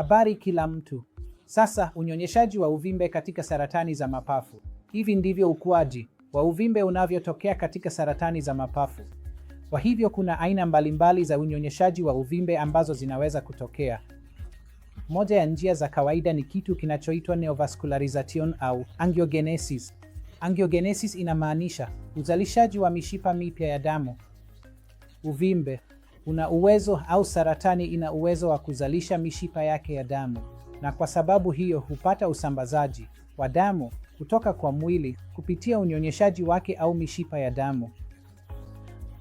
Habari kila mtu. Sasa unyonyeshaji wa uvimbe katika saratani za mapafu. Hivi ndivyo ukuaji wa uvimbe unavyotokea katika saratani za mapafu. Kwa hivyo kuna aina mbalimbali za unyonyeshaji wa uvimbe ambazo zinaweza kutokea. Moja ya njia za kawaida ni kitu kinachoitwa neovascularization au angiogenesis. Angiogenesis inamaanisha uzalishaji wa mishipa mipya ya damu. Uvimbe una uwezo au saratani ina uwezo wa kuzalisha mishipa yake ya damu, na kwa sababu hiyo hupata usambazaji wa damu kutoka kwa mwili kupitia unyonyeshaji wake au mishipa ya damu.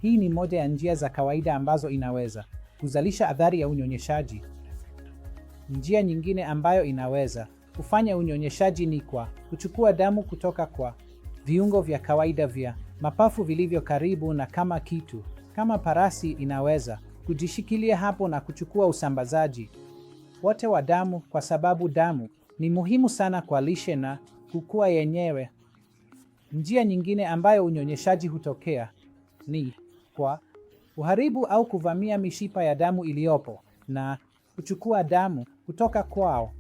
Hii ni moja ya njia za kawaida ambazo inaweza kuzalisha athari ya unyonyeshaji. Njia nyingine ambayo inaweza kufanya unyonyeshaji ni kwa kuchukua damu kutoka kwa viungo vya kawaida vya mapafu vilivyo karibu na kama kitu kama parasi inaweza kujishikilia hapo na kuchukua usambazaji wote wa damu, kwa sababu damu ni muhimu sana kwa lishe na kukua yenyewe. Njia nyingine ambayo unyonyeshaji hutokea ni kwa uharibu au kuvamia mishipa ya damu iliyopo na kuchukua damu kutoka kwao.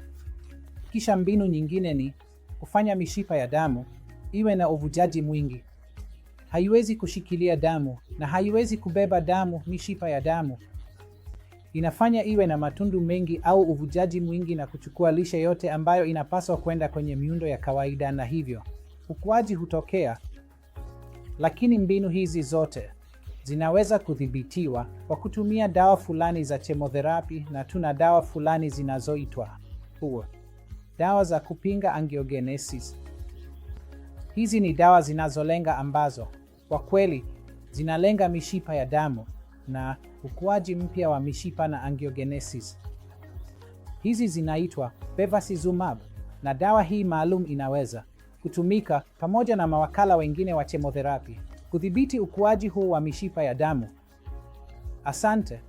Kisha mbinu nyingine ni kufanya mishipa ya damu iwe na uvujaji mwingi haiwezi kushikilia damu na haiwezi kubeba damu, mishipa ya damu inafanya iwe na matundu mengi au uvujaji mwingi na kuchukua lishe yote ambayo inapaswa kwenda kwenye miundo ya kawaida, na hivyo ukuaji hutokea. Lakini mbinu hizi zote zinaweza kudhibitiwa kwa kutumia dawa fulani za chemotherapy, na tuna dawa fulani zinazoitwa huo dawa za kupinga angiogenesis. Hizi ni dawa zinazolenga ambazo kwa kweli zinalenga mishipa ya damu na ukuaji mpya wa mishipa na angiogenesis. Hizi zinaitwa bevacizumab na dawa hii maalum inaweza kutumika pamoja na mawakala wengine wa chemotherapi kudhibiti ukuaji huu wa mishipa ya damu. Asante.